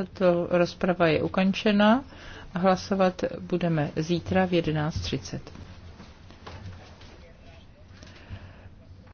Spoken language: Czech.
Tato rozprava je ukončena a hlasovat budeme zítra v 11.30.